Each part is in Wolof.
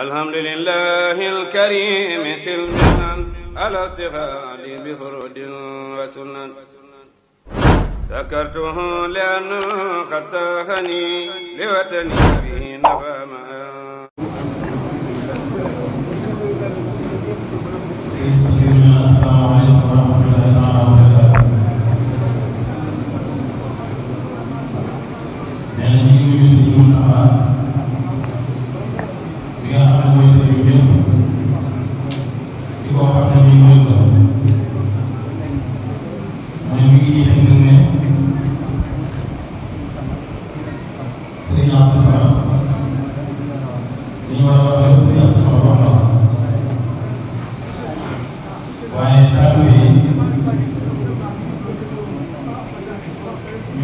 الحمد لله الكريم في المنن على استفاد بفرد وسنن ذكرته لأنه قد ساهني لوطني به نفى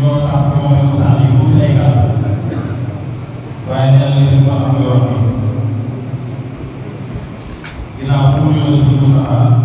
yoon sax moom la ko sax di ko ay gaal waaye ñaar léegi moo am yoo xam ne ginnaaw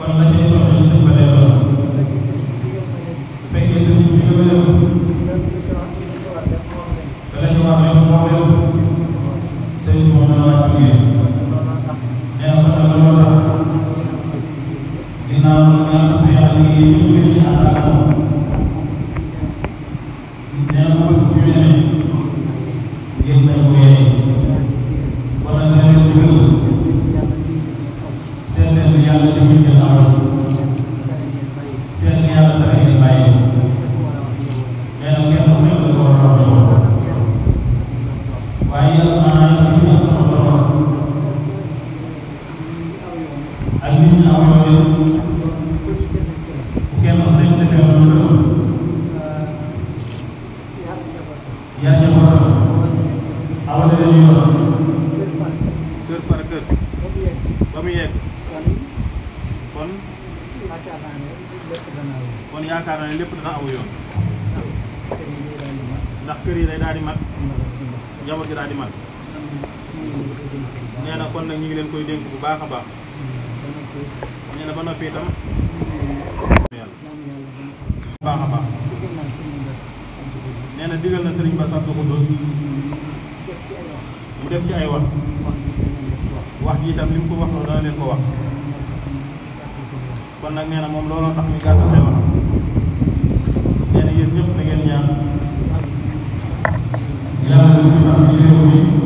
Можно kër par kër ba mu yegg kon kon yaakaar naa ne lépp dana aw yoon ndax kër yi day daal di mat njaboot gi daal di na kon nag ñu ngi leen koy dénk bu baax a baax nee ba noppi nee na digal na sëriñ ba sant ko doon mu def ci ay wax wax ji itam li mu ko wax loolu dana leen ko wax kon nag nee na moom looloo tax ñu gàttal ay wax nee na yéen ñëpp da ngeen ñaan yàlla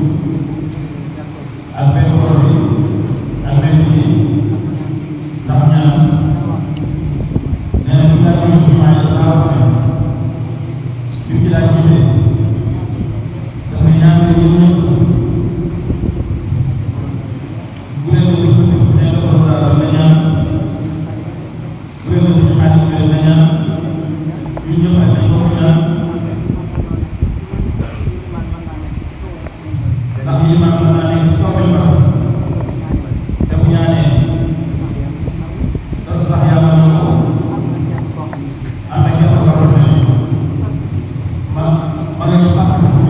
Olha,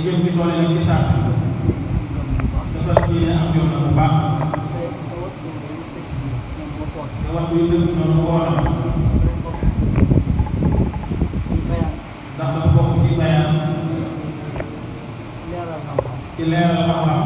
jigéen bi doole lañ gisaat dafa si ne am yoon bu baax te waxtu yu dëgg noonu wooram ndax dafa bokk ci bayaan ci leeral xam-xam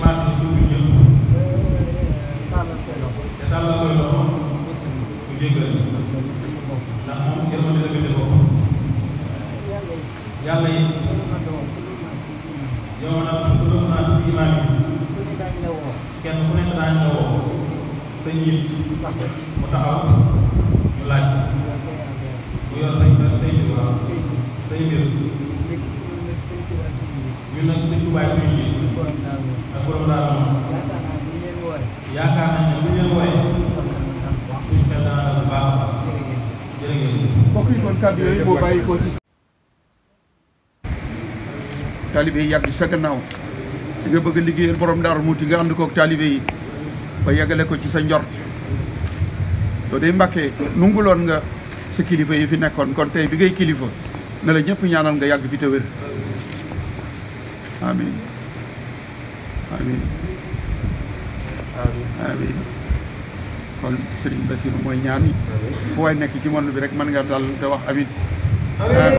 marché suuf ñëpp te tàllal koy loxo mu jéggal ndax moom yërmande la bindee boppam yàlla yi yow nag ku doon naa si imaam yi kenn ku nekk daañu la woo sëñ yi mu taxaw ñu laaj bu yor sëñ bi sëñ bi waaw sëñ bi ñun nag sëñ Tuubaa mbokk yi kon kàddu ci sa gannaaw nga bëgg liggéeyal borom daaru muuti nga ànd kook taalibe yi ba yeggale ko ci sa njort doo day mbàkkee nunguloon nga sa kilifa yi fi kon bi ngay kilifa la ñaanal nga fi te amin amin amin kon Serigne Bassirou mooy ñaan yi fu waay nekk ci monde bi rek mën nga dal te wax amit euh,